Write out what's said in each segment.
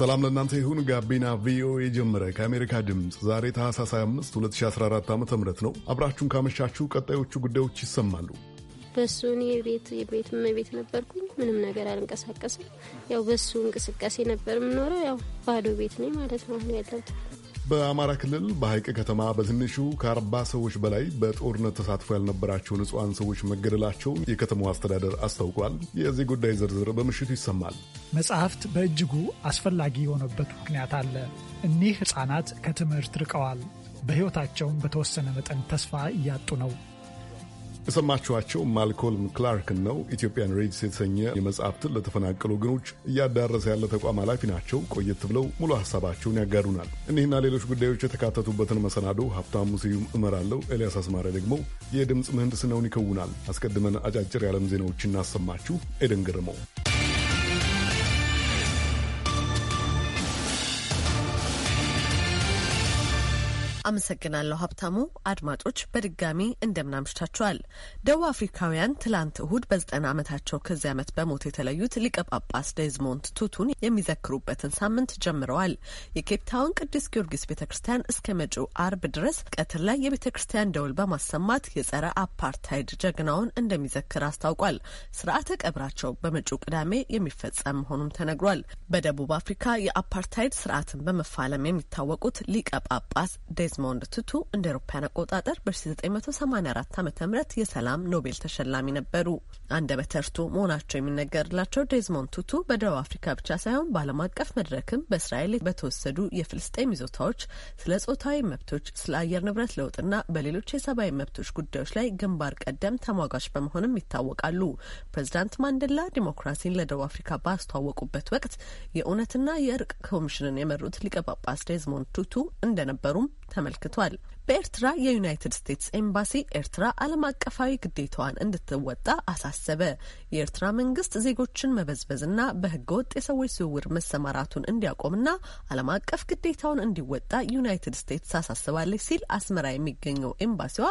ሰላም ለእናንተ ይሁን። ጋቢና ቪኦኤ ጀመረ። ከአሜሪካ ድምፅ ዛሬ ታህሳስ 25 2014 ዓ ም ነው። አብራችሁን ካመሻችሁ ቀጣዮቹ ጉዳዮች ይሰማሉ። በሱ እኔ የቤት የቤት እመቤት ነበርኩኝ። ምንም ነገር አልንቀሳቀስም። ያው በሱ እንቅስቃሴ ነበር የምኖረው። ያው ባዶ ቤት ነኝ ማለት ነው አሁን ያለሁት በአማራ ክልል በሐይቅ ከተማ በትንሹ ከአርባ ሰዎች በላይ በጦርነት ተሳትፎ ያልነበራቸው ንጹሐን ሰዎች መገደላቸውን የከተማው አስተዳደር አስታውቋል። የዚህ ጉዳይ ዝርዝር በምሽቱ ይሰማል። መጽሐፍት በእጅጉ አስፈላጊ የሆነበት ምክንያት አለ። እኒህ ሕፃናት ከትምህርት ርቀዋል፣ በሕይወታቸውም በተወሰነ መጠን ተስፋ እያጡ ነው። የሰማችኋቸው ማልኮልም ክላርክን ነው። ኢትዮጵያን ሬድስ የተሰኘ የመጽሐፍትን ለተፈናቀሉ ወገኖች እያዳረሰ ያለ ተቋም ኃላፊ ናቸው። ቆየት ብለው ሙሉ ሀሳባቸውን ያጋሩናል። እኒህና ሌሎች ጉዳዮች የተካተቱበትን መሰናዶ ሀብታሙ ስዩም እመራለሁ። ኤልያስ አስማሪያ ደግሞ የድምፅ ምህንድስናውን ይከውናል። አስቀድመን አጫጭር የዓለም ዜናዎችን እናሰማችሁ። ኤደን ገርመው አመሰግናለሁ ሀብታሙ። አድማጮች በድጋሚ እንደምናምሽታችኋል። ደቡብ አፍሪካውያን ትላንት እሁድ በዘጠና ዓመታቸው ከዚህ ዓመት በሞት የተለዩት ሊቀ ጳጳስ ዴዝሞንት ቱቱን የሚዘክሩበትን ሳምንት ጀምረዋል። የኬፕታውን ቅዱስ ጊዮርጊስ ቤተ ክርስቲያን እስከ መጪው አርብ ድረስ ቀትር ላይ የቤተ ክርስቲያን ደውል በማሰማት የጸረ አፓርታይድ ጀግናውን እንደሚዘክር አስታውቋል። ስርዓተ ቀብራቸው በመጪው ቅዳሜ የሚፈጸም መሆኑም ተነግሯል። በደቡብ አፍሪካ የአፓርታይድ ስርዓትን በመፋለም የሚታወቁት ሊቀ ጳጳስ ዴዝሞንድ ቱቱ እንደ አውሮፓውያን አቆጣጠር በ1984 ዓ ም የሰላም ኖቤል ተሸላሚ ነበሩ። አንድ በተርቱ መሆናቸው የሚነገርላቸው ዴዝሞንድ ቱቱ በደቡብ አፍሪካ ብቻ ሳይሆን በዓለም አቀፍ መድረክም በእስራኤል በተወሰዱ የፍልስጤም ይዞታዎች፣ ስለ ጾታዊ መብቶች፣ ስለ አየር ንብረት ለውጥና በሌሎች የሰብአዊ መብቶች ጉዳዮች ላይ ግንባር ቀደም ተሟጋች በመሆንም ይታወቃሉ። ፕሬዚዳንት ማንዴላ ዲሞክራሲን ለደቡብ አፍሪካ ባስተዋወቁበት ወቅት የእውነትና የእርቅ ኮሚሽንን የመሩት ሊቀ ጳጳስ ዴዝሞንድ ቱቱ እንደነበሩም ተመልክቷል። በኤርትራ የዩናይትድ ስቴትስ ኤምባሲ ኤርትራ ዓለም አቀፋዊ ግዴታዋን እንድትወጣ አሳሰበ። የኤርትራ መንግስት ዜጎችን መበዝበዝና በህገ ወጥ የሰዎች ዝውውር መሰማራቱን እንዲያቆምና ዓለም አቀፍ ግዴታውን እንዲወጣ ዩናይትድ ስቴትስ አሳስባለች ሲል አስመራ የሚገኘው ኤምባሲዋ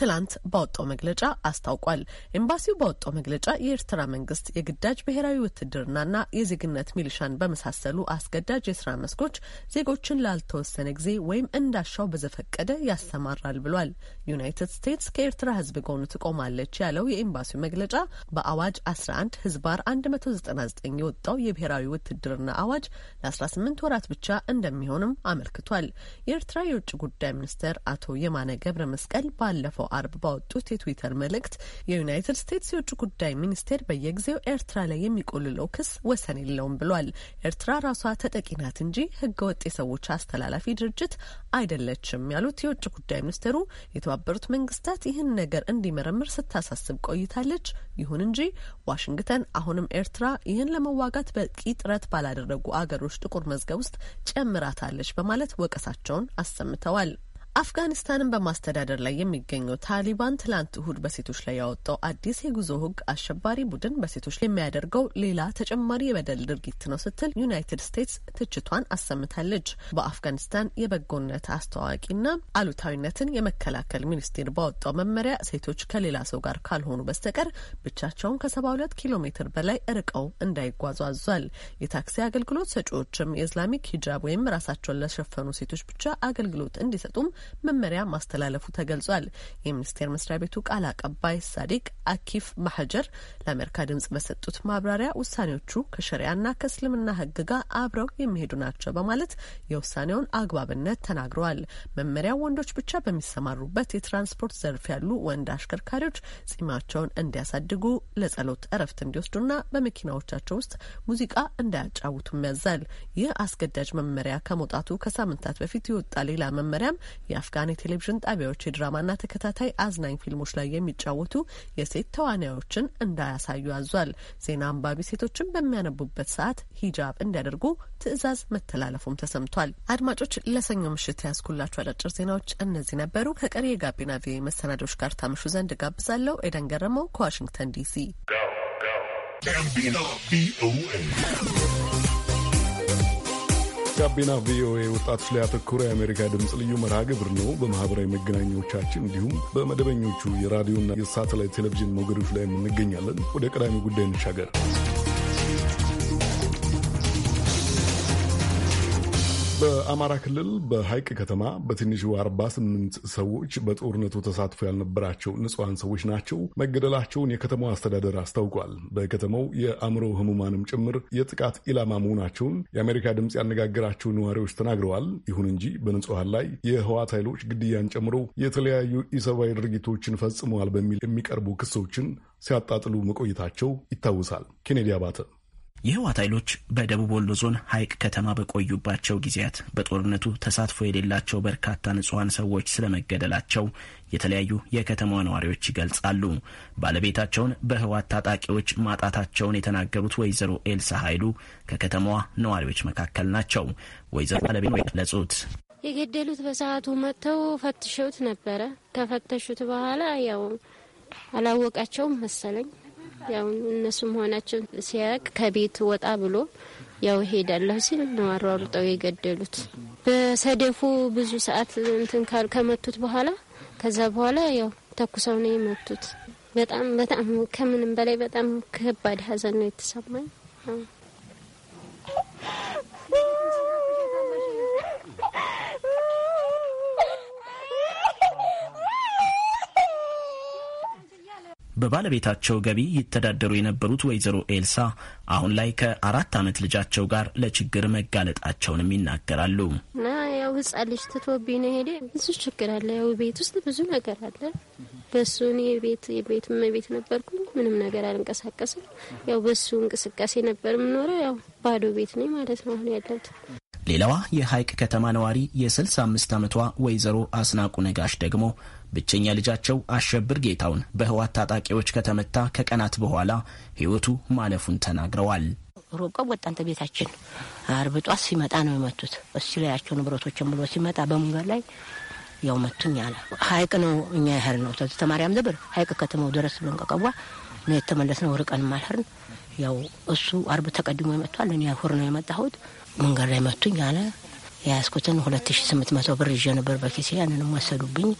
ትላንት ባወጣው መግለጫ አስታውቋል። ኤምባሲው ባወጣው መግለጫ የኤርትራ መንግስት የግዳጅ ብሔራዊ ውትድርናና የዜግነት ሚሊሻን በመሳሰሉ አስገዳጅ የስራ መስኮች ዜጎችን ላልተወሰነ ጊዜ ወይም እንዳሻው በዘፈቀደ ያሰማራል ብሏል። ዩናይትድ ስቴትስ ከኤርትራ ህዝብ ጎን ትቆማለች ያለው የኤምባሲው መግለጫ በአዋጅ 11 ህዝባር 199 የወጣው የብሔራዊ ውትድርና አዋጅ ለ18 ወራት ብቻ እንደሚሆንም አመልክቷል። የኤርትራ የውጭ ጉዳይ ሚኒስትር አቶ የማነ ገብረ መስቀል ባለፈው አርብ ባወጡት የትዊተር መልእክት የዩናይትድ ስቴትስ የውጭ ጉዳይ ሚኒስቴር በየጊዜው ኤርትራ ላይ የሚቆልለው ክስ ወሰን የለውም ብሏል። ኤርትራ ራሷ ተጠቂ ናት እንጂ ህገወጥ የሰዎች አስተላላፊ ድርጅት አይደለችም ያሉት የውጭ የውጭ ጉዳይ ሚኒስቴሩ የተባበሩት መንግስታት ይህን ነገር እንዲመረምር ስታሳስብ ቆይታለች። ይሁን እንጂ ዋሽንግተን አሁንም ኤርትራ ይህን ለመዋጋት በቂ ጥረት ባላደረጉ አገሮች ጥቁር መዝገብ ውስጥ ጨምራታለች በማለት ወቀሳቸውን አሰምተዋል። አፍጋኒስታንን በማስተዳደር ላይ የሚገኘው ታሊባን ትላንት እሁድ በሴቶች ላይ ያወጣው አዲስ የጉዞ ሕግ አሸባሪ ቡድን በሴቶች ላይ የሚያደርገው ሌላ ተጨማሪ የበደል ድርጊት ነው ስትል ዩናይትድ ስቴትስ ትችቷን አሰምታለች። በአፍጋኒስታን የበጎነት አስተዋዋቂና አሉታዊነትን የመከላከል ሚኒስቴር ባወጣው መመሪያ ሴቶች ከሌላ ሰው ጋር ካልሆኑ በስተቀር ብቻቸውን ከሰባ ሁለት ኪሎ ሜትር በላይ ርቀው እንዳይጓዙ አዟል። የታክሲ አገልግሎት ሰጪዎችም የእስላሚክ ሂጃብ ወይም ራሳቸውን ለሸፈኑ ሴቶች ብቻ አገልግሎት እንዲሰጡም መመሪያ ማስተላለፉ ተገልጿል። የሚኒስቴር መስሪያ ቤቱ ቃል አቀባይ ሳዲቅ አኪፍ ማሐጀር ለአሜሪካ ድምጽ በሰጡት ማብራሪያ ውሳኔዎቹ ከሸሪያና ከእስልምና ህግ ጋር አብረው የሚሄዱ ናቸው በማለት የውሳኔውን አግባብነት ተናግረዋል። መመሪያው ወንዶች ብቻ በሚሰማሩበት የትራንስፖርት ዘርፍ ያሉ ወንድ አሽከርካሪዎች ጺማቸውን እንዲያሳድጉ፣ ለጸሎት እረፍት እንዲወስዱና በመኪናዎቻቸው ውስጥ ሙዚቃ እንዳያጫውቱም ያዛል። ይህ አስገዳጅ መመሪያ ከመውጣቱ ከሳምንታት በፊት የወጣ ሌላ መመሪያም የአፍጋን የቴሌቪዥን ጣቢያዎች የድራማና ተከታታይ አዝናኝ ፊልሞች ላይ የሚጫወቱ የሴት ተዋናዮችን እንዳያሳዩ አዟል። ዜና አንባቢ ሴቶችን በሚያነቡበት ሰዓት ሂጃብ እንዲያደርጉ ትዕዛዝ መተላለፉም ተሰምቷል። አድማጮች ለሰኞ ምሽት ያስኩላችሁ አጫጭር ዜናዎች እነዚህ ነበሩ። ከቀሪ የጋቢና ቪ መሰናዶች ጋር ታምሹ ዘንድ ጋብዛለሁ። ኤደን ገረመው ከዋሽንግተን ዲሲ ጋቢና ቪኦኤ ወጣቶች ላይ ያተኮረ የአሜሪካ ድምፅ ልዩ መርሃ ግብር ነው። በማህበራዊ መገናኛዎቻችን እንዲሁም በመደበኞቹ የራዲዮና የሳተላይት ቴሌቪዥን ሞገዶች ላይ እንገኛለን። ወደ ቀዳሚ ጉዳይ እንሻገር። በአማራ ክልል በሐይቅ ከተማ በትንሹ 48 ሰዎች በጦርነቱ ተሳትፎ ያልነበራቸው ንጹሐን ሰዎች ናቸው መገደላቸውን የከተማው አስተዳደር አስታውቋል። በከተማው የአእምሮ ህሙማንም ጭምር የጥቃት ኢላማ መሆናቸውን የአሜሪካ ድምፅ ያነጋገራቸው ነዋሪዎች ተናግረዋል። ይሁን እንጂ በንጹሐን ላይ የህዋት ኃይሎች ግድያን ጨምሮ የተለያዩ ኢሰብአዊ ድርጊቶችን ፈጽመዋል በሚል የሚቀርቡ ክሶችን ሲያጣጥሉ መቆየታቸው ይታወሳል። ኬኔዲ አባተ የህወሓት ኃይሎች በደቡብ ወሎ ዞን ሀይቅ ከተማ በቆዩባቸው ጊዜያት በጦርነቱ ተሳትፎ የሌላቸው በርካታ ንጹሐን ሰዎች ስለመገደላቸው የተለያዩ የከተማዋ ነዋሪዎች ይገልጻሉ። ባለቤታቸውን በህወሓት ታጣቂዎች ማጣታቸውን የተናገሩት ወይዘሮ ኤልሳ ኃይሉ ከከተማዋ ነዋሪዎች መካከል ናቸው። ወይዘሮ ባለቤት ገለጹት። የገደሉት በሰዓቱ መጥተው ፈትሸውት ነበረ። ከፈተሹት በኋላ ያው አላወቃቸውም መሰለኝ ያው እነሱ መሆናቸውን ሲያቅ ከቤት ወጣ ብሎ ያው ሄዳለሁ ሲል ነው አሯሩጠው የገደሉት። በሰደፉ ብዙ ሰዓት እንትን ከመቱት በኋላ ከዛ በኋላ ያው ተኩሰው ነው የመቱት። በጣም በጣም ከምንም በላይ በጣም ከባድ ሀዘን ነው የተሰማኝ። በባለቤታቸው ገቢ ይተዳደሩ የነበሩት ወይዘሮ ኤልሳ አሁን ላይ ከአራት ዓመት ልጃቸው ጋር ለችግር መጋለጣቸውንም ይናገራሉ። እና ያው ሕፃን ልጅ ትቶብኝ ነው ሄደ። ብዙ ችግር አለ። ያው ቤት ውስጥ ብዙ ነገር አለ። በሱ የቤት የቤት እመቤት ነበርኩኝ። ምንም ነገር አልንቀሳቀስም። ያው በሱ እንቅስቃሴ ነበር የምኖረው። ያው ባዶ ቤት ነኝ ማለት ነው አሁን ያለሁት። ሌላዋ የሀይቅ ከተማ ነዋሪ የ65 ዓመቷ ወይዘሮ አስናቁ ነጋሽ ደግሞ ብቸኛ ልጃቸው አሸብር ጌታውን በህወሓት ታጣቂዎች ከተመታ ከቀናት በኋላ ህይወቱ ማለፉን ተናግረዋል። ሮቀው ወጣንተ ቤታችን አርብ ጧት ሲመጣ ነው የመቱት። እሱ ላያቸው ንብረቶችን ብሎ ሲመጣ በመንገድ ላይ ያው መቱኝ አለ። ሀይቅ ነው እኛ ያህል ነው ተዝተ ማርያም ደብር ሀይቅ ከተማው ድረስ ብለን ቀቀቧ ነው የተመለስነው። ርቀን ማልህርን ያው እሱ አርብ ተቀድሞ ይመቷል። እኔ ሁር ነው የመጣሁት መንገድ ላይ መቱኝ አለ። የያዝኩትን ሁለት ሺ ስምንት መቶ ብር ይዤ ነበር በኪሴ። ያንንም ወሰዱብኝ።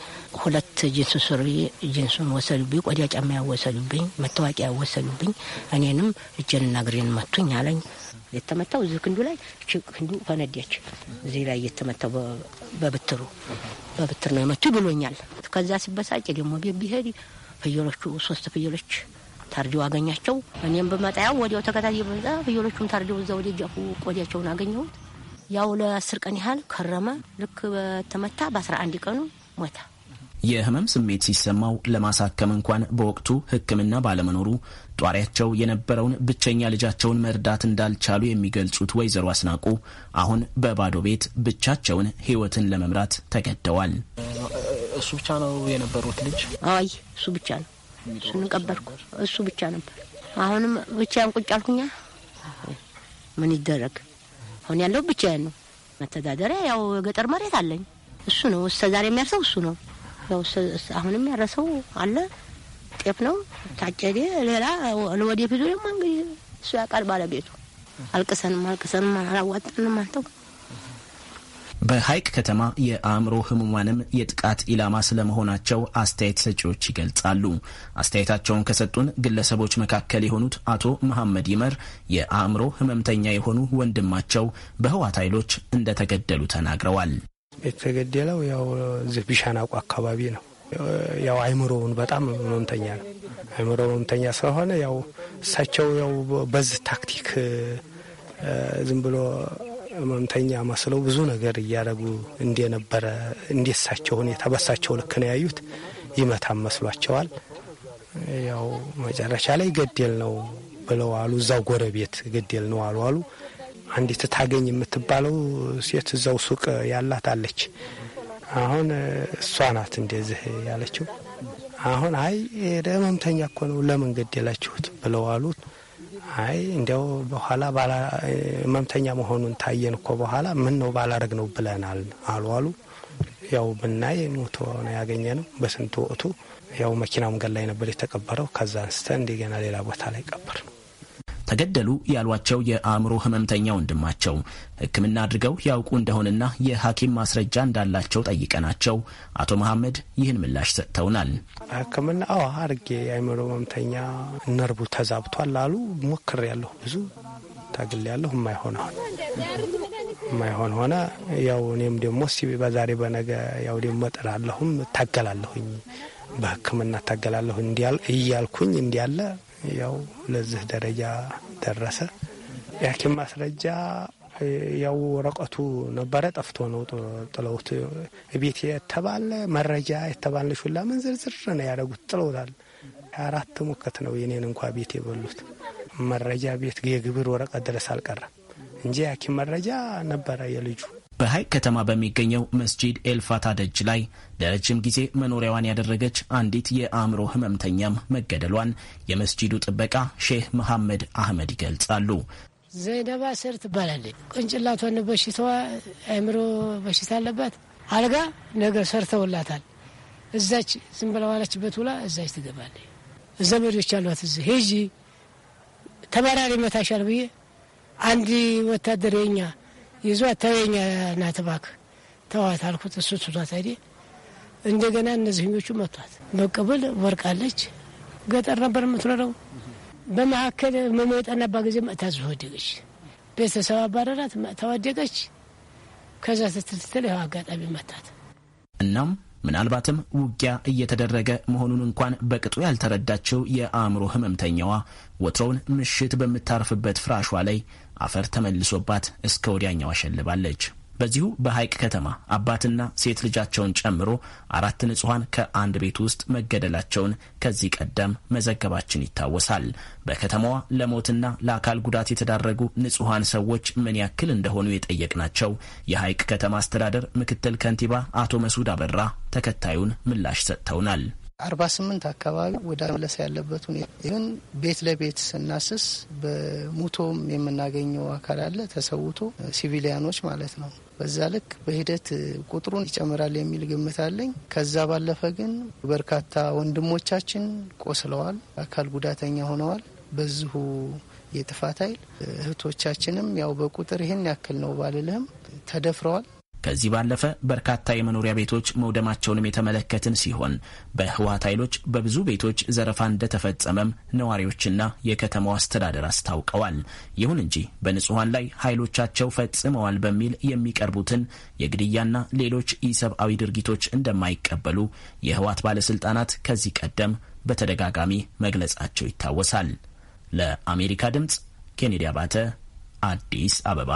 ሁለት ጅንስ ሱሪ ጅንሱን ወሰዱብኝ። ቆዳ ጫማ ያወሰዱብኝ፣ መታወቂያ ያወሰዱብኝ። እኔንም እጄንና እግሬን መቱኝ አለኝ። የተመታው እዚህ ክንዱ ላይ ክንዱ ፈነዲያች። እዚህ ላይ የተመታው በብትሩ በብትር ነው የመቱ ብሎኛል። ከዛ ሲበሳጭ ደግሞ ቤት ቢሄድ ፍየሎቹ ሶስት ፍየሎች ታርዲው አገኛቸው። እኔም በመጣያው ወዲያው ተከታታይ በመጣ ፍየሎቹም ታርዲው እዛ ወደ ጃፉ ቆዳቸውን አገኘሁት። ያው ለአስር ቀን ያህል ከረመ። ልክ በተመታ በአስራ አንድ ቀኑ ሞታ። የህመም ስሜት ሲሰማው ለማሳከም እንኳን በወቅቱ ሕክምና ባለመኖሩ ጧሪያቸው የነበረውን ብቸኛ ልጃቸውን መርዳት እንዳልቻሉ የሚገልጹት ወይዘሮ አስናቁ አሁን በባዶ ቤት ብቻቸውን ህይወትን ለመምራት ተገደዋል። እሱ ብቻ ነው የነበሩት ልጅ? አይ እሱ ብቻ ነው። እሱን ቀበርኩ። እሱ ብቻ ነበር። አሁንም ብቻ ያንቁጫልኩኛ ምን ይደረግ አሁን ያለው ብቻዬን ነው። መተዳደሪያ ያው የገጠር መሬት አለኝ። እሱ ነው እስከ ዛሬ የሚያርሰው እሱ ነው። ያው አሁንም ያረሰው አለ ጤፍ ነው ታጨዴ። ሌላ ለወደፊቱ ደግሞ እንግዲህ እሱ ያውቃል ባለቤቱ። አልቅሰንም አልቅሰንም አላዋጣንም አንተው በሐይቅ ከተማ የአእምሮ ህሙማንም የጥቃት ኢላማ ስለመሆናቸው አስተያየት ሰጪዎች ይገልጻሉ። አስተያየታቸውን ከሰጡን ግለሰቦች መካከል የሆኑት አቶ መሐመድ ይመር የአእምሮ ህመምተኛ የሆኑ ወንድማቸው በህዋት ኃይሎች እንደተገደሉ ተናግረዋል። የተገደለው ያው እዚህ ቢሻናቁ አካባቢ ነው። ያው አይምሮውን በጣም ህመምተኛ ነው። አይምሮ ህመምተኛ ስለሆነ ያው እሳቸው ያው በዚህ ታክቲክ ዝም ብሎ ህመምተኛ መስለው ብዙ ነገር እያደረጉ እንደነበረ እንደሳቸው ሁኔታ በሳቸው ልክ ነው ያዩት። ይመታም መስሏቸዋል። ያው መጨረሻ ላይ ገደል ነው ብለው አሉ። እዛው ጎረቤት ገደል ነው አሉ አሉ አንዲት ታገኝ የምትባለው ሴት እዛው ሱቅ ያላት አለች። አሁን እሷ ናት እንደዚህ ያለችው። አሁን አይ ህመምተኛ እኮ ነው ለምን ገደላችሁት ብለው አሉት። አይ እንዲያው በኋላ ህመምተኛ መሆኑን ታየን እኮ በኋላ ምን ነው ባላረግ ነው ብለናል አሉ አሉ። ያው ብናይ ሞቶ ነው ያገኘ ነው። በስንት ወቅቱ ያው መኪናውም ላይ ነበር የተቀበረው። ከዛ አንስተ እንደገና ሌላ ቦታ ላይ ቀበር ነው። ተገደሉ ያሏቸው የአእምሮ ህመምተኛ ወንድማቸው ሕክምና አድርገው ያውቁ እንደሆነና የሐኪም ማስረጃ እንዳላቸው ጠይቀናቸው አቶ መሐመድ ይህን ምላሽ ሰጥተውናል። ሕክምና አዎ አድርጌ የአእምሮ ህመምተኛ ነርቡ ተዛብቷል አሉ። ሞክር ያለሁ ብዙ ታግል ያለሁ የማይሆን የማይሆን ሆነ። ያው እኔም ደግሞ በዛሬ በነገ ያው ደግሞ እጥራለሁም ታገላለሁኝ በህክምና ታገላለሁ እያልኩኝ እንዲያለ ያው ለዚህ ደረጃ ደረሰ። የሐኪም ማስረጃ ያው ወረቀቱ ነበረ ጠፍቶ ነው ጥለውት ቤት የተባለ መረጃ የተባለ ሹላ ምን ዝርዝር ነው ያደረጉት ጥለውታል። አራት ሙከት ነው የኔን እንኳ ቤት የበሉት መረጃ ቤት የግብር ወረቀት ድረስ አልቀረም እንጂ የሐኪም መረጃ ነበረ የልጁ በሀይቅ ከተማ በሚገኘው መስጂድ ኤልፋታ ደጅ ላይ ለረጅም ጊዜ መኖሪያዋን ያደረገች አንዲት የአእምሮ ህመምተኛም መገደሏን የመስጂዱ ጥበቃ ሼህ መሐመድ አህመድ ይገልጻሉ። ዘይነባ ስር ትባላለች። ቁንጭላቷን በሽታዋ አእምሮ በሽታ አለባት። አልጋ ነገር ሰርተውላታል። እዛች ዝም ብላ ዋለችበት ውላ እዛች ትገባለች። ዘመዶች አሏት። እዚ ሄጂ ተባራሪ መታሻል ብዬ አንድ ወታደር የኛ ይዟት ተወኛ ናት እባክህ ተዋት አልኩት። እሱ ትቷት አይደል እንደገና እነዚህኞቹ መቷት። መቀበል ወርቃለች። ገጠር ነበር የምትኖረው። በመካከል መመጠናባ ጊዜ መእታ ወደቀች። ቤተሰብ አባረራት። መእታ ወደቀች። ከዛ ስትልስትል ያው አጋጣሚ መታት። እናም ምናልባትም ውጊያ እየተደረገ መሆኑን እንኳን በቅጡ ያልተረዳችው የአእምሮ ህመምተኛዋ ወትሮውን ምሽት በምታርፍበት ፍራሿ ላይ አፈር ተመልሶባት እስከ ወዲያኛው አሸልባለች። በዚሁ በሐይቅ ከተማ አባትና ሴት ልጃቸውን ጨምሮ አራት ንጹሐን ከአንድ ቤት ውስጥ መገደላቸውን ከዚህ ቀደም መዘገባችን ይታወሳል። በከተማዋ ለሞትና ለአካል ጉዳት የተዳረጉ ንጹሐን ሰዎች ምን ያክል እንደሆኑ የጠየቅናቸው የሐይቅ ከተማ አስተዳደር ምክትል ከንቲባ አቶ መስዑድ አበራ ተከታዩን ምላሽ ሰጥተውናል። አርባ ስምንት አካባቢ ወደ መለስ ያለበት ሁኔታ ግን ቤት ለቤት ስናስስ በሙቶም የምናገኘው አካል አለ ተሰውቶ ሲቪሊያኖች ማለት ነው። በዛ ልክ በሂደት ቁጥሩን ይጨምራል የሚል ግምት አለኝ። ከዛ ባለፈ ግን በርካታ ወንድሞቻችን ቆስለዋል፣ አካል ጉዳተኛ ሆነዋል በዚሁ የጥፋት ኃይል እህቶቻችንም ያው በቁጥር ይህን ያክል ነው ባልልህም ተደፍረዋል። ከዚህ ባለፈ በርካታ የመኖሪያ ቤቶች መውደማቸውንም የተመለከትን ሲሆን በህወሀት ኃይሎች በብዙ ቤቶች ዘረፋ እንደተፈጸመም ነዋሪዎችና የከተማው አስተዳደር አስታውቀዋል። ይሁን እንጂ በንጹሐን ላይ ኃይሎቻቸው ፈጽመዋል በሚል የሚቀርቡትን የግድያና ሌሎች ኢሰብአዊ ድርጊቶች እንደማይቀበሉ የህወሀት ባለስልጣናት ከዚህ ቀደም በተደጋጋሚ መግለጻቸው ይታወሳል። ለአሜሪካ ድምፅ ኬኔዲ አባተ አዲስ አበባ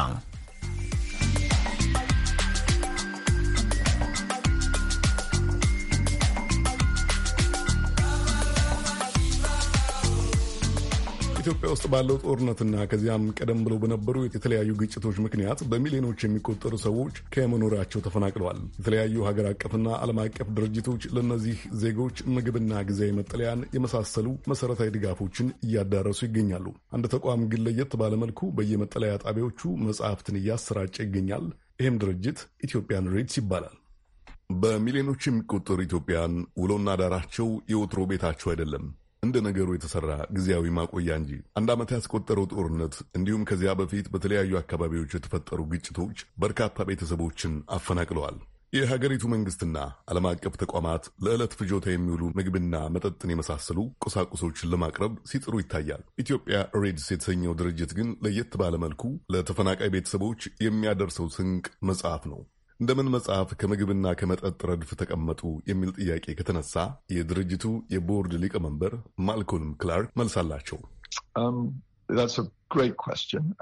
ኢትዮጵያ ውስጥ ባለው ጦርነትና ከዚያም ቀደም ብለው በነበሩ የተለያዩ ግጭቶች ምክንያት በሚሊዮኖች የሚቆጠሩ ሰዎች ከመኖሪያቸው ተፈናቅለዋል። የተለያዩ ሀገር አቀፍና ዓለም አቀፍ ድርጅቶች ለእነዚህ ዜጎች ምግብና ጊዜያዊ መጠለያን የመሳሰሉ መሰረታዊ ድጋፎችን እያዳረሱ ይገኛሉ። አንድ ተቋም ግን ለየት ባለመልኩ በየመጠለያ ጣቢያዎቹ መጽሐፍትን እያሰራጨ ይገኛል። ይህም ድርጅት ኢትዮጵያን ሬድስ ይባላል። በሚሊዮኖች የሚቆጠሩ ኢትዮጵያን ውሎና ዳራቸው የወትሮ ቤታቸው አይደለም እንደ ነገሩ የተሰራ ጊዜያዊ ማቆያ እንጂ። አንድ ዓመት ያስቆጠረው ጦርነት እንዲሁም ከዚያ በፊት በተለያዩ አካባቢዎች የተፈጠሩ ግጭቶች በርካታ ቤተሰቦችን አፈናቅለዋል። የሀገሪቱ መንግስትና ዓለም አቀፍ ተቋማት ለዕለት ፍጆታ የሚውሉ ምግብና መጠጥን የመሳሰሉ ቁሳቁሶችን ለማቅረብ ሲጥሩ ይታያል። ኢትዮጵያ ሬድስ የተሰኘው ድርጅት ግን ለየት ባለ መልኩ ለተፈናቃይ ቤተሰቦች የሚያደርሰው ስንቅ መጽሐፍ ነው። እንደምን መጽሐፍ ከምግብና ከመጠጥ ረድፍ ተቀመጡ የሚል ጥያቄ ከተነሳ የድርጅቱ የቦርድ ሊቀመንበር ማልኮልም ክላርክ መልስ አላቸው። um, uh,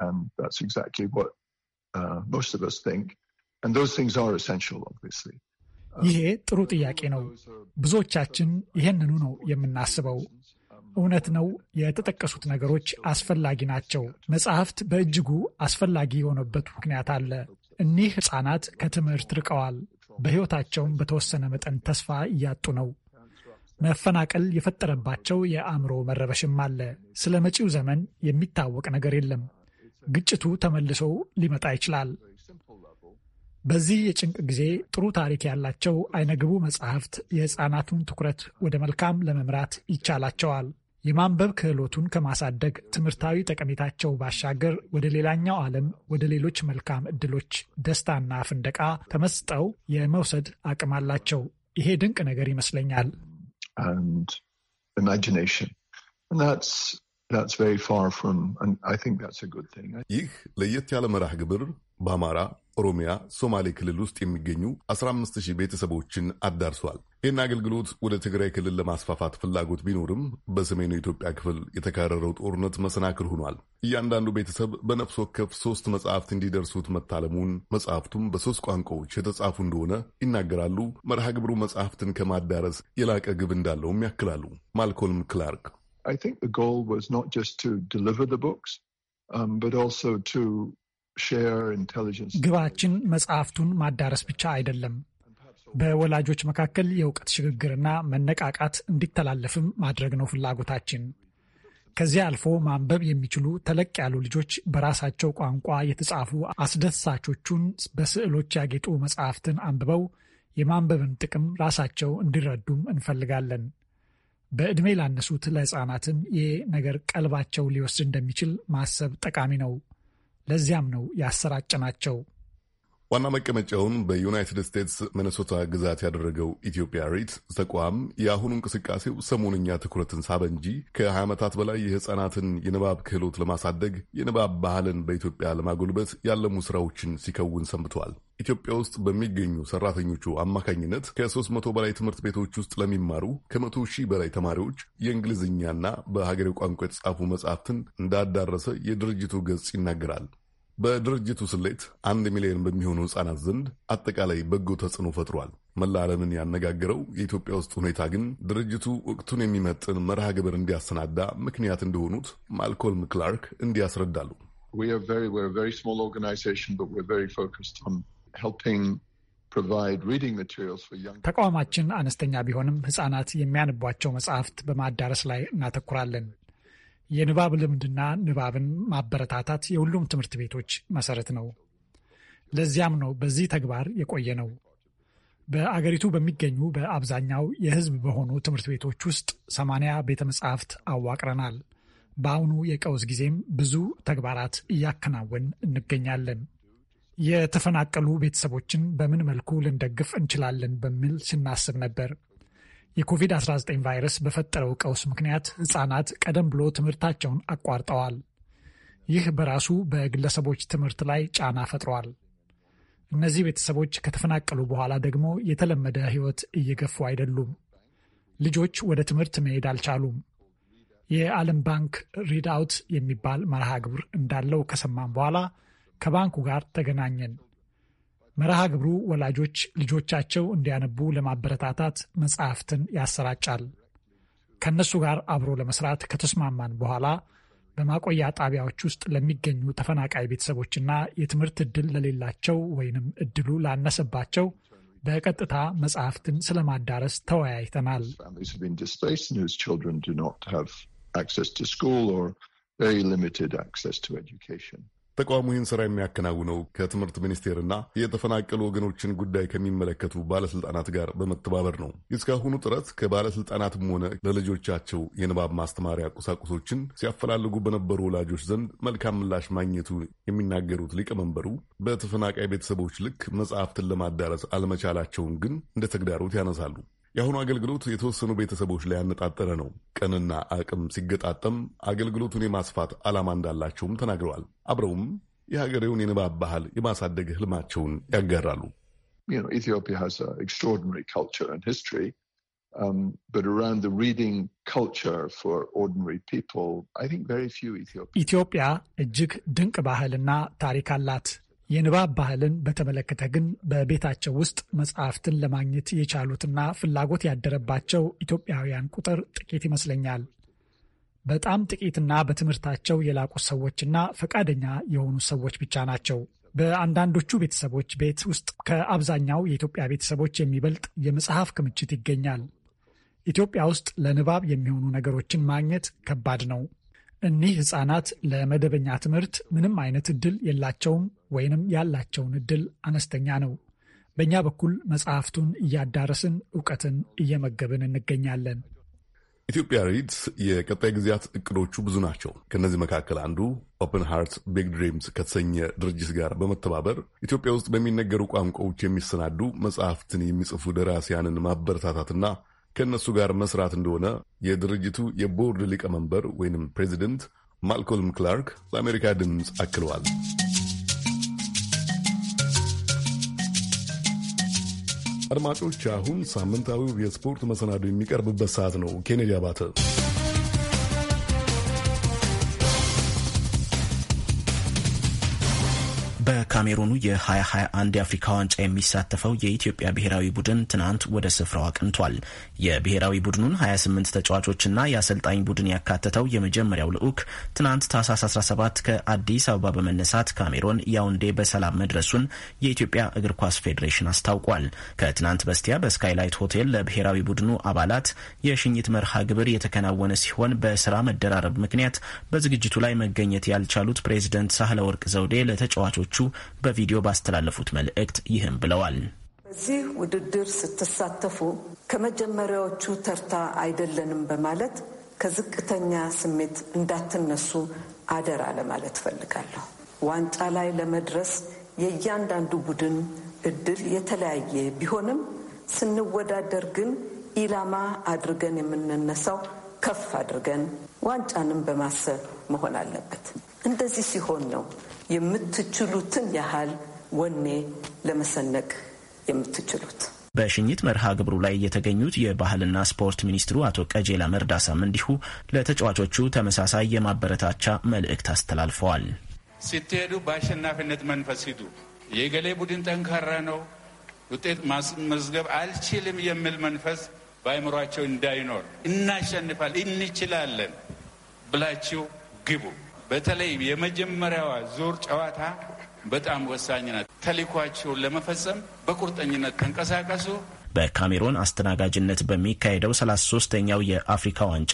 um, ይሄ ጥሩ ጥያቄ ነው። ብዙዎቻችን ይህንኑ ነው የምናስበው። እውነት ነው፣ የተጠቀሱት ነገሮች አስፈላጊ ናቸው። መጽሐፍት በእጅጉ አስፈላጊ የሆነበት ምክንያት አለ። እኒህ ሕፃናት ከትምህርት ርቀዋል። በሕይወታቸውም በተወሰነ መጠን ተስፋ እያጡ ነው። መፈናቀል የፈጠረባቸው የአእምሮ መረበሽም አለ። ስለ መጪው ዘመን የሚታወቅ ነገር የለም። ግጭቱ ተመልሶ ሊመጣ ይችላል። በዚህ የጭንቅ ጊዜ ጥሩ ታሪክ ያላቸው አይነግቡ መጻሕፍት የሕፃናቱን ትኩረት ወደ መልካም ለመምራት ይቻላቸዋል። የማንበብ ክህሎቱን ከማሳደግ ትምህርታዊ ጠቀሜታቸው ባሻገር ወደ ሌላኛው ዓለም፣ ወደ ሌሎች መልካም ዕድሎች፣ ደስታና ፍንደቃ ተመስጠው የመውሰድ አቅም አላቸው። ይሄ ድንቅ ነገር ይመስለኛል። ይህ ለየት ያለ መርሃ ግብር በአማራ፣ ኦሮሚያ፣ ሶማሌ ክልል ውስጥ የሚገኙ 15000 ቤተሰቦችን አዳርሷል። ይህን አገልግሎት ወደ ትግራይ ክልል ለማስፋፋት ፍላጎት ቢኖርም በሰሜኑ የኢትዮጵያ ክፍል የተካረረው ጦርነት መሰናክል ሆኗል። እያንዳንዱ ቤተሰብ በነፍስ ወከፍ ሶስት መጽሐፍት እንዲደርሱት መታለሙን፣ መጽሐፍቱም በሶስት ቋንቋዎች የተጻፉ እንደሆነ ይናገራሉ። መርሃ ግብሩ መጽሐፍትን ከማዳረስ የላቀ ግብ እንዳለውም ያክላሉ። ማልኮልም ክላርክ I think the goal was not just to deliver the books, um, but also to share intelligence. ግባችን መጽሐፍቱን ማዳረስ ብቻ አይደለም፣ በወላጆች መካከል የእውቀት ሽግግርና መነቃቃት እንዲተላለፍም ማድረግ ነው ፍላጎታችን። ከዚያ አልፎ ማንበብ የሚችሉ ተለቅ ያሉ ልጆች በራሳቸው ቋንቋ የተጻፉ አስደሳቾቹን በስዕሎች ያጌጡ መጽሐፍትን አንብበው የማንበብን ጥቅም ራሳቸው እንዲረዱም እንፈልጋለን። በዕድሜ ላነሱት ለሕፃናትም ይህ ነገር ቀልባቸው ሊወስድ እንደሚችል ማሰብ ጠቃሚ ነው። ለዚያም ነው ናቸው። ዋና መቀመጫውን በዩናይትድ ስቴትስ ሚነሶታ ግዛት ያደረገው ኢትዮጵያ ሪት ተቋም የአሁኑ እንቅስቃሴው ሰሞንኛ ትኩረትን ሳበ እንጂ ከ20 ዓመታት በላይ የሕፃናትን የንባብ ክህሎት ለማሳደግ የንባብ ባህልን በኢትዮጵያ ለማጎልበት ያለሙ ስራዎችን ሲከውን ሰንብተዋል። ኢትዮጵያ ውስጥ በሚገኙ ሰራተኞቹ አማካኝነት ከ300 በላይ ትምህርት ቤቶች ውስጥ ለሚማሩ ከመቶ ሺህ በላይ ተማሪዎች የእንግሊዝኛና በሀገሬው ቋንቋ የተጻፉ መጽሐፍትን እንዳዳረሰ የድርጅቱ ገጽ ይናገራል። በድርጅቱ ስሌት አንድ ሚሊዮን በሚሆኑ ህጻናት ዘንድ አጠቃላይ በጎ ተጽዕኖ ፈጥሯል። መላ ዓለምን ያነጋገረው የኢትዮጵያ ውስጥ ሁኔታ ግን ድርጅቱ ወቅቱን የሚመጥን መርሃ ግብር እንዲያሰናዳ ምክንያት እንደሆኑት ማልኮልም ክላርክ እንዲያስረዳሉ። ተቋማችን አነስተኛ ቢሆንም ህጻናት የሚያንቧቸው መጽሐፍት በማዳረስ ላይ እናተኩራለን። የንባብ ልምድና ንባብን ማበረታታት የሁሉም ትምህርት ቤቶች መሰረት ነው። ለዚያም ነው በዚህ ተግባር የቆየ ነው። በአገሪቱ በሚገኙ በአብዛኛው የሕዝብ በሆኑ ትምህርት ቤቶች ውስጥ ሰማንያ ቤተ መጻሕፍት አዋቅረናል። በአሁኑ የቀውስ ጊዜም ብዙ ተግባራት እያከናወን እንገኛለን። የተፈናቀሉ ቤተሰቦችን በምን መልኩ ልንደግፍ እንችላለን በሚል ስናስብ ነበር። የኮቪድ-19 ቫይረስ በፈጠረው ቀውስ ምክንያት ሕፃናት ቀደም ብሎ ትምህርታቸውን አቋርጠዋል። ይህ በራሱ በግለሰቦች ትምህርት ላይ ጫና ፈጥሯል። እነዚህ ቤተሰቦች ከተፈናቀሉ በኋላ ደግሞ የተለመደ ሕይወት እየገፉ አይደሉም። ልጆች ወደ ትምህርት መሄድ አልቻሉም። የዓለም ባንክ ሪድ አውት የሚባል መርሃ ግብር እንዳለው ከሰማን በኋላ ከባንኩ ጋር ተገናኘን። መርሃ ግብሩ ወላጆች ልጆቻቸው እንዲያነቡ ለማበረታታት መጽሐፍትን ያሰራጫል። ከእነሱ ጋር አብሮ ለመስራት ከተስማማን በኋላ በማቆያ ጣቢያዎች ውስጥ ለሚገኙ ተፈናቃይ ቤተሰቦችና የትምህርት ዕድል ለሌላቸው ወይንም ዕድሉ ላነሰባቸው በቀጥታ መጽሐፍትን ስለማዳረስ ተወያይተናል። ተቋሙ ይህን ስራ የሚያከናውነው ከትምህርት ሚኒስቴርና የተፈናቀሉ ወገኖችን ጉዳይ ከሚመለከቱ ባለስልጣናት ጋር በመተባበር ነው። እስካሁኑ ጥረት ከባለስልጣናትም ሆነ ለልጆቻቸው የንባብ ማስተማሪያ ቁሳቁሶችን ሲያፈላልጉ በነበሩ ወላጆች ዘንድ መልካም ምላሽ ማግኘቱ የሚናገሩት ሊቀመንበሩ በተፈናቃይ ቤተሰቦች ልክ መጽሐፍትን ለማዳረስ አለመቻላቸውን ግን እንደ ተግዳሮት ያነሳሉ። የአሁኑ አገልግሎት የተወሰኑ ቤተሰቦች ላይ ያነጣጠረ ነው። ቀንና አቅም ሲገጣጠም አገልግሎቱን የማስፋት ዓላማ እንዳላቸውም ተናግረዋል። አብረውም የሀገሬውን የንባብ ባህል የማሳደግ ህልማቸውን ያጋራሉ። ኢትዮጵያ ኢትዮጵያ እጅግ ድንቅ ባህልና ታሪክ አላት። የንባብ ባህልን በተመለከተ ግን በቤታቸው ውስጥ መጽሐፍትን ለማግኘት የቻሉትና ፍላጎት ያደረባቸው ኢትዮጵያውያን ቁጥር ጥቂት ይመስለኛል። በጣም ጥቂትና በትምህርታቸው የላቁ ሰዎችና ፈቃደኛ የሆኑ ሰዎች ብቻ ናቸው። በአንዳንዶቹ ቤተሰቦች ቤት ውስጥ ከአብዛኛው የኢትዮጵያ ቤተሰቦች የሚበልጥ የመጽሐፍ ክምችት ይገኛል። ኢትዮጵያ ውስጥ ለንባብ የሚሆኑ ነገሮችን ማግኘት ከባድ ነው። እኒህ ህጻናት ለመደበኛ ትምህርት ምንም አይነት እድል የላቸውም ወይንም ያላቸውን እድል አነስተኛ ነው። በእኛ በኩል መጽሐፍቱን እያዳረስን እውቀትን እየመገብን እንገኛለን። ኢትዮጵያ ሪድስ የቀጣይ ጊዜያት እቅዶቹ ብዙ ናቸው። ከእነዚህ መካከል አንዱ ኦፕን ሃርት ቢግ ድሪምስ ከተሰኘ ድርጅት ጋር በመተባበር ኢትዮጵያ ውስጥ በሚነገሩ ቋንቋዎች የሚሰናዱ መጽሐፍትን የሚጽፉ ደራሲያንን ማበረታታትና ከእነሱ ጋር መስራት እንደሆነ የድርጅቱ የቦርድ ሊቀመንበር ወይም ፕሬዚደንት ማልኮልም ክላርክ ለአሜሪካ ድምፅ አክለዋል። አድማጮች፣ አሁን ሳምንታዊው የስፖርት መሰናዶ የሚቀርብበት ሰዓት ነው። ኬኔዲ አባተ በካሜሩኑ የ2021 የአፍሪካ ዋንጫ የሚሳተፈው የኢትዮጵያ ብሔራዊ ቡድን ትናንት ወደ ስፍራው አቅንቷል። የብሔራዊ ቡድኑን 28 ተጫዋቾችና የአሰልጣኝ ቡድን ያካተተው የመጀመሪያው ልዑክ ትናንት ታህሳስ 17 ከአዲስ አበባ በመነሳት ካሜሮን ያውንዴ በሰላም መድረሱን የኢትዮጵያ እግር ኳስ ፌዴሬሽን አስታውቋል። ከትናንት በስቲያ በስካይላይት ሆቴል ለብሔራዊ ቡድኑ አባላት የሽኝት መርሃ ግብር የተከናወነ ሲሆን በስራ መደራረብ ምክንያት በዝግጅቱ ላይ መገኘት ያልቻሉት ፕሬዚደንት ወርቅ ዘውዴ ለተጫዋቾቹ በቪዲዮ ባስተላለፉት መልእክት ይህም ብለዋል። በዚህ ውድድር ስትሳተፉ ከመጀመሪያዎቹ ተርታ አይደለንም በማለት ከዝቅተኛ ስሜት እንዳትነሱ አደራ ለማለት እፈልጋለሁ። ዋንጫ ላይ ለመድረስ የእያንዳንዱ ቡድን እድል የተለያየ ቢሆንም ስንወዳደር ግን ኢላማ አድርገን የምንነሳው ከፍ አድርገን ዋንጫንም በማሰብ መሆን አለበት። እንደዚህ ሲሆን ነው የምትችሉትን ያህል ወኔ ለመሰነቅ የምትችሉት። በሽኝት መርሃ ግብሩ ላይ የተገኙት የባህልና ስፖርት ሚኒስትሩ አቶ ቀጄላ መርዳሳም እንዲሁ ለተጫዋቾቹ ተመሳሳይ የማበረታቻ መልእክት አስተላልፈዋል። ስትሄዱ በአሸናፊነት መንፈስ ሂዱ። የገሌ ቡድን ጠንካራ ነው፣ ውጤት ማስመዝገብ አልችልም የሚል መንፈስ በአእምሯቸው እንዳይኖር እናሸንፋል፣ እንችላለን ብላችሁ ግቡ። በተለይ የመጀመሪያዋ ዙር ጨዋታ በጣም ወሳኝ ናት። ተሊኳቸውን ለመፈጸም በቁርጠኝነት ተንቀሳቀሱ። በካሜሮን አስተናጋጅነት በሚካሄደው 33ኛው የአፍሪካ ዋንጫ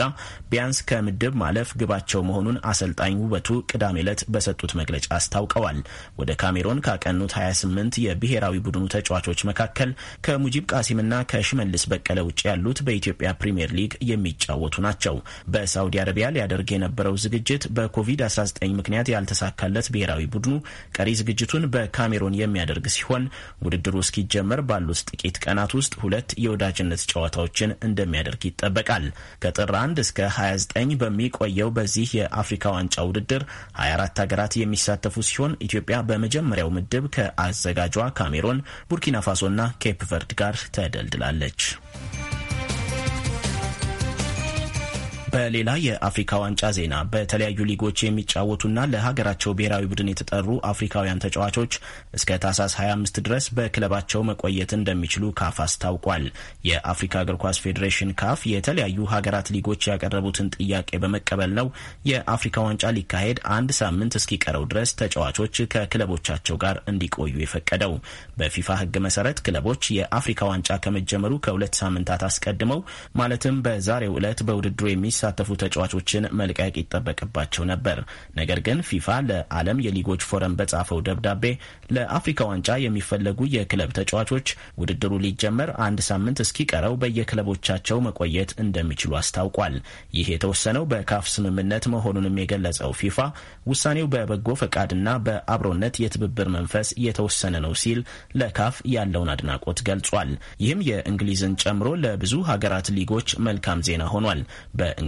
ቢያንስ ከምድብ ማለፍ ግባቸው መሆኑን አሰልጣኝ ውበቱ ቅዳሜ ዕለት በሰጡት መግለጫ አስታውቀዋል። ወደ ካሜሮን ካቀኑት 28 የብሔራዊ ቡድኑ ተጫዋቾች መካከል ከሙጂብ ቃሲምና ከሽመልስ በቀለ ውጭ ያሉት በኢትዮጵያ ፕሪምየር ሊግ የሚጫወቱ ናቸው። በሳውዲ አረቢያ ሊያደርግ የነበረው ዝግጅት በኮቪድ-19 ምክንያት ያልተሳካለት ብሔራዊ ቡድኑ ቀሪ ዝግጅቱን በካሜሮን የሚያደርግ ሲሆን ውድድሩ እስኪጀመር ባሉት ጥቂት ቀናት ውስጥ ውስጥ ሁለት የወዳጅነት ጨዋታዎችን እንደሚያደርግ ይጠበቃል። ከጥር 1 እስከ 29 በሚቆየው በዚህ የአፍሪካ ዋንጫ ውድድር 24 ሀገራት የሚሳተፉ ሲሆን ኢትዮጵያ በመጀመሪያው ምድብ ከአዘጋጇ ካሜሮን፣ ቡርኪና ፋሶና ኬፕ ቨርድ ጋር ተደልድላለች። በሌላ የአፍሪካ ዋንጫ ዜና በተለያዩ ሊጎች የሚጫወቱና ለሀገራቸው ብሔራዊ ቡድን የተጠሩ አፍሪካውያን ተጫዋቾች እስከ ታህሳስ 25 ድረስ በክለባቸው መቆየት እንደሚችሉ ካፍ አስታውቋል። የአፍሪካ እግር ኳስ ፌዴሬሽን ካፍ የተለያዩ ሀገራት ሊጎች ያቀረቡትን ጥያቄ በመቀበል ነው የአፍሪካ ዋንጫ ሊካሄድ አንድ ሳምንት እስኪቀረው ድረስ ተጫዋቾች ከክለቦቻቸው ጋር እንዲቆዩ የፈቀደው። በፊፋ ሕግ መሰረት ክለቦች የአፍሪካ ዋንጫ ከመጀመሩ ከሁለት ሳምንታት አስቀድመው ማለትም በዛሬው ዕለት በውድድሩ የሚስ የሚሳተፉ ተጫዋቾችን መልቀቅ ይጠበቅባቸው ነበር። ነገር ግን ፊፋ ለዓለም የሊጎች ፎረም በጻፈው ደብዳቤ ለአፍሪካ ዋንጫ የሚፈለጉ የክለብ ተጫዋቾች ውድድሩ ሊጀመር አንድ ሳምንት እስኪቀረው በየክለቦቻቸው መቆየት እንደሚችሉ አስታውቋል። ይህ የተወሰነው በካፍ ስምምነት መሆኑንም የገለጸው ፊፋ ውሳኔው በበጎ ፈቃድና በአብሮነት የትብብር መንፈስ የተወሰነ ነው ሲል ለካፍ ያለውን አድናቆት ገልጿል። ይህም የእንግሊዝን ጨምሮ ለብዙ ሀገራት ሊጎች መልካም ዜና ሆኗል።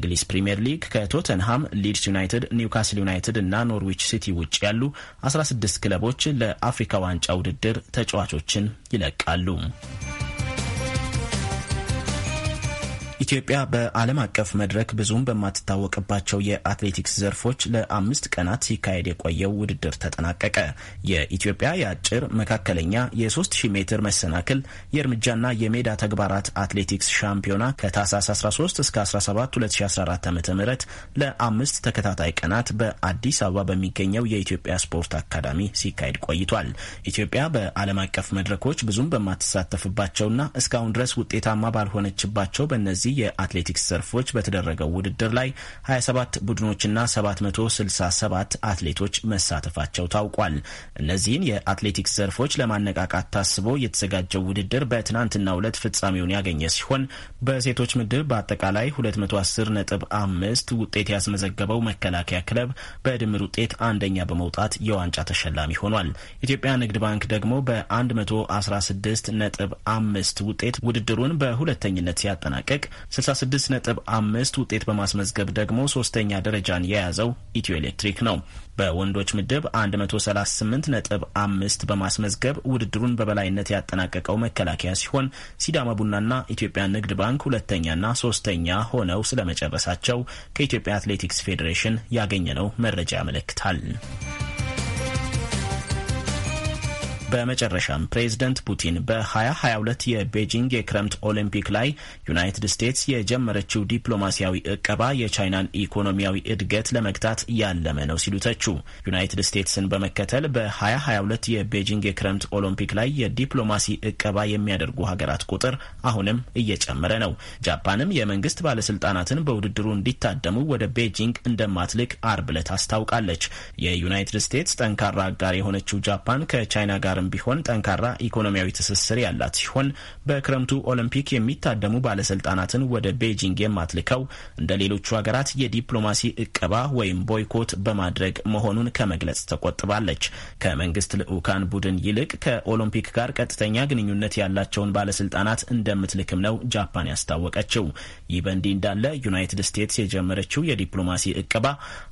በእንግሊዝ ፕሪምየር ሊግ ከቶተንሃም፣ ሊድስ ዩናይትድ፣ ኒውካስል ዩናይትድ እና ኖርዊች ሲቲ ውጭ ያሉ 16 ክለቦች ለአፍሪካ ዋንጫ ውድድር ተጫዋቾችን ይለቃሉ። ኢትዮጵያ በዓለም አቀፍ መድረክ ብዙም በማትታወቅባቸው የአትሌቲክስ ዘርፎች ለአምስት ቀናት ሲካሄድ የቆየው ውድድር ተጠናቀቀ። የኢትዮጵያ የአጭር መካከለኛ የ3000 ሜትር መሰናክል የእርምጃና የሜዳ ተግባራት አትሌቲክስ ሻምፒዮና ከታህሳስ 13 እስከ 17 2014 ዓ ም ለአምስት ተከታታይ ቀናት በአዲስ አበባ በሚገኘው የኢትዮጵያ ስፖርት አካዳሚ ሲካሄድ ቆይቷል። ኢትዮጵያ በዓለም አቀፍ መድረኮች ብዙም በማትሳተፍባቸውና እስካሁን ድረስ ውጤታማ ባልሆነችባቸው በነዚህ የአትሌቲክስ ዘርፎች በተደረገው ውድድር ላይ 27 ቡድኖችና 767 አትሌቶች መሳተፋቸው ታውቋል። እነዚህን የአትሌቲክስ ዘርፎች ለማነቃቃት ታስቦ የተዘጋጀው ውድድር በትናንትናው ዕለት ፍጻሜውን ያገኘ ሲሆን በሴቶች ምድብ በአጠቃላይ 210.5 ነጥብ አምስት ውጤት ያስመዘገበው መከላከያ ክለብ በድምር ውጤት አንደኛ በመውጣት የዋንጫ ተሸላሚ ሆኗል። ኢትዮጵያ ንግድ ባንክ ደግሞ በ116 ነጥብ አምስት ውጤት ውድድሩን በሁለተኝነት ሲያጠናቅቅ 66.5 ውጤት በማስመዝገብ ደግሞ ሶስተኛ ደረጃን የያዘው ኢትዮ ኤሌክትሪክ ነው። በወንዶች ምድብ 138.5 በማስመዝገብ ውድድሩን በበላይነት ያጠናቀቀው መከላከያ ሲሆን ሲዳማ ቡናና ኢትዮጵያ ንግድ ባንክ ሁለተኛና ሶስተኛ ሆነው ስለመጨረሳቸው ከኢትዮጵያ አትሌቲክስ ፌዴሬሽን ያገኘነው መረጃ ያመለክታል። በመጨረሻም ፕሬዝደንት ፑቲን በ2022 የቤጂንግ የክረምት ኦሊምፒክ ላይ ዩናይትድ ስቴትስ የጀመረችው ዲፕሎማሲያዊ እቀባ የቻይናን ኢኮኖሚያዊ እድገት ለመግታት ያለመ ነው ሲሉ ተቹ። ዩናይትድ ስቴትስን በመከተል በ2022 የቤጂንግ የክረምት ኦሎምፒክ ላይ የዲፕሎማሲ እቀባ የሚያደርጉ ሀገራት ቁጥር አሁንም እየጨመረ ነው። ጃፓንም የመንግስት ባለስልጣናትን በውድድሩ እንዲታደሙ ወደ ቤጂንግ እንደማትልክ አርብ ዕለት አስታውቃለች። የዩናይትድ ስቴትስ ጠንካራ አጋር የሆነችው ጃፓን ከቻይና ጋር ሀገርም ቢሆን ጠንካራ ኢኮኖሚያዊ ትስስር ያላት ሲሆን በክረምቱ ኦሎምፒክ የሚታደሙ ባለስልጣናትን ወደ ቤጂንግ የማትልከው እንደ ሌሎቹ ሀገራት የዲፕሎማሲ እቀባ ወይም ቦይኮት በማድረግ መሆኑን ከመግለጽ ተቆጥባለች። ከመንግስት ልዑካን ቡድን ይልቅ ከኦሎምፒክ ጋር ቀጥተኛ ግንኙነት ያላቸውን ባለስልጣናት እንደምትልክም ነው ጃፓን ያስታወቀችው። ይህ በእንዲህ እንዳለ ዩናይትድ ስቴትስ የጀመረችው የዲፕሎማሲ እቀባ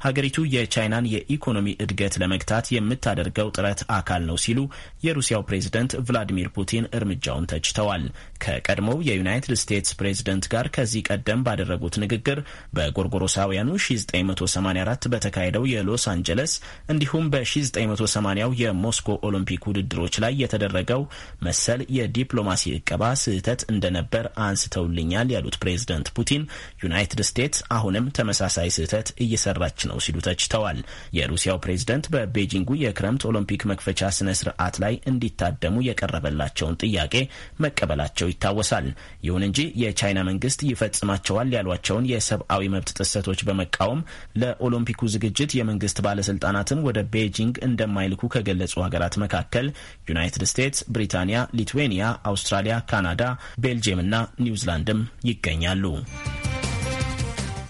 ሀገሪቱ የቻይናን የኢኮኖሚ እድገት ለመግታት የምታደርገው ጥረት አካል ነው ሲሉ የሩሲያው ፕሬዝደንት ቭላዲሚር ፑቲን እርምጃውን ተችተዋል። ከቀድሞው የዩናይትድ ስቴትስ ፕሬዝደንት ጋር ከዚህ ቀደም ባደረጉት ንግግር በጎርጎሮሳውያኑ 1984 በተካሄደው የሎስ አንጀለስ እንዲሁም በ1980ው የሞስኮ ኦሎምፒክ ውድድሮች ላይ የተደረገው መሰል የዲፕሎማሲ እቀባ ስህተት እንደነበር አንስተውልኛል ያሉት ፕሬዝደንት ፑቲን ዩናይትድ ስቴትስ አሁንም ተመሳሳይ ስህተት እየሰራች ነው ሲሉ ተችተዋል። የሩሲያው ፕሬዝደንት በቤጂንጉ የክረምት ኦሎምፒክ መክፈቻ ስነ ስርዓት ላይ እንዲታደሙ የቀረበላቸውን ጥያቄ መቀበላቸው ይታወሳል። ይሁን እንጂ የቻይና መንግስት ይፈጽማቸዋል ያሏቸውን የሰብአዊ መብት ጥሰቶች በመቃወም ለኦሎምፒኩ ዝግጅት የመንግስት ባለስልጣናትን ወደ ቤጂንግ እንደማይልኩ ከገለጹ ሀገራት መካከል ዩናይትድ ስቴትስ፣ ብሪታንያ፣ ሊትዌኒያ፣ አውስትራሊያ፣ ካናዳ፣ ቤልጅየም እና ኒውዚላንድም ይገኛሉ።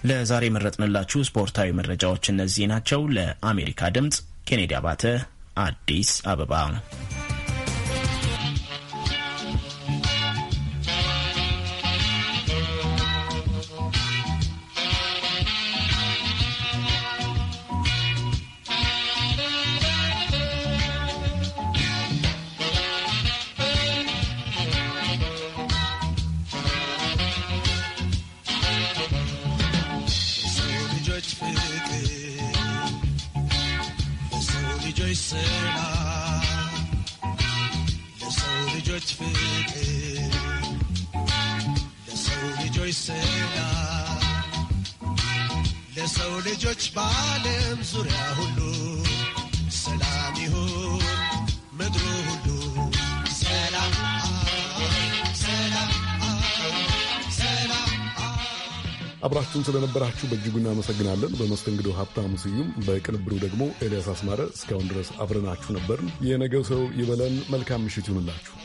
ለዛሬ የመረጥንላችሁ ስፖርታዊ መረጃዎች እነዚህ ናቸው። ለአሜሪካ ድምፅ ኬኔዲ አባተ አዲስ አበባ በዓለም ዙሪያ ሁሉ ሰላም ይሁን ምድሩ ሁሉ ሰላም አብራችሁን ስለነበራችሁ በእጅጉ እናመሰግናለን። በመስተንግዶ ሀብታሙ ስዩም፣ በቅንብሩ ደግሞ ኤልያስ አስማረ። እስካሁን ድረስ አብረናችሁ ነበርን። የነገው ሰው ይበለን። መልካም ምሽት ይሁንላችሁ።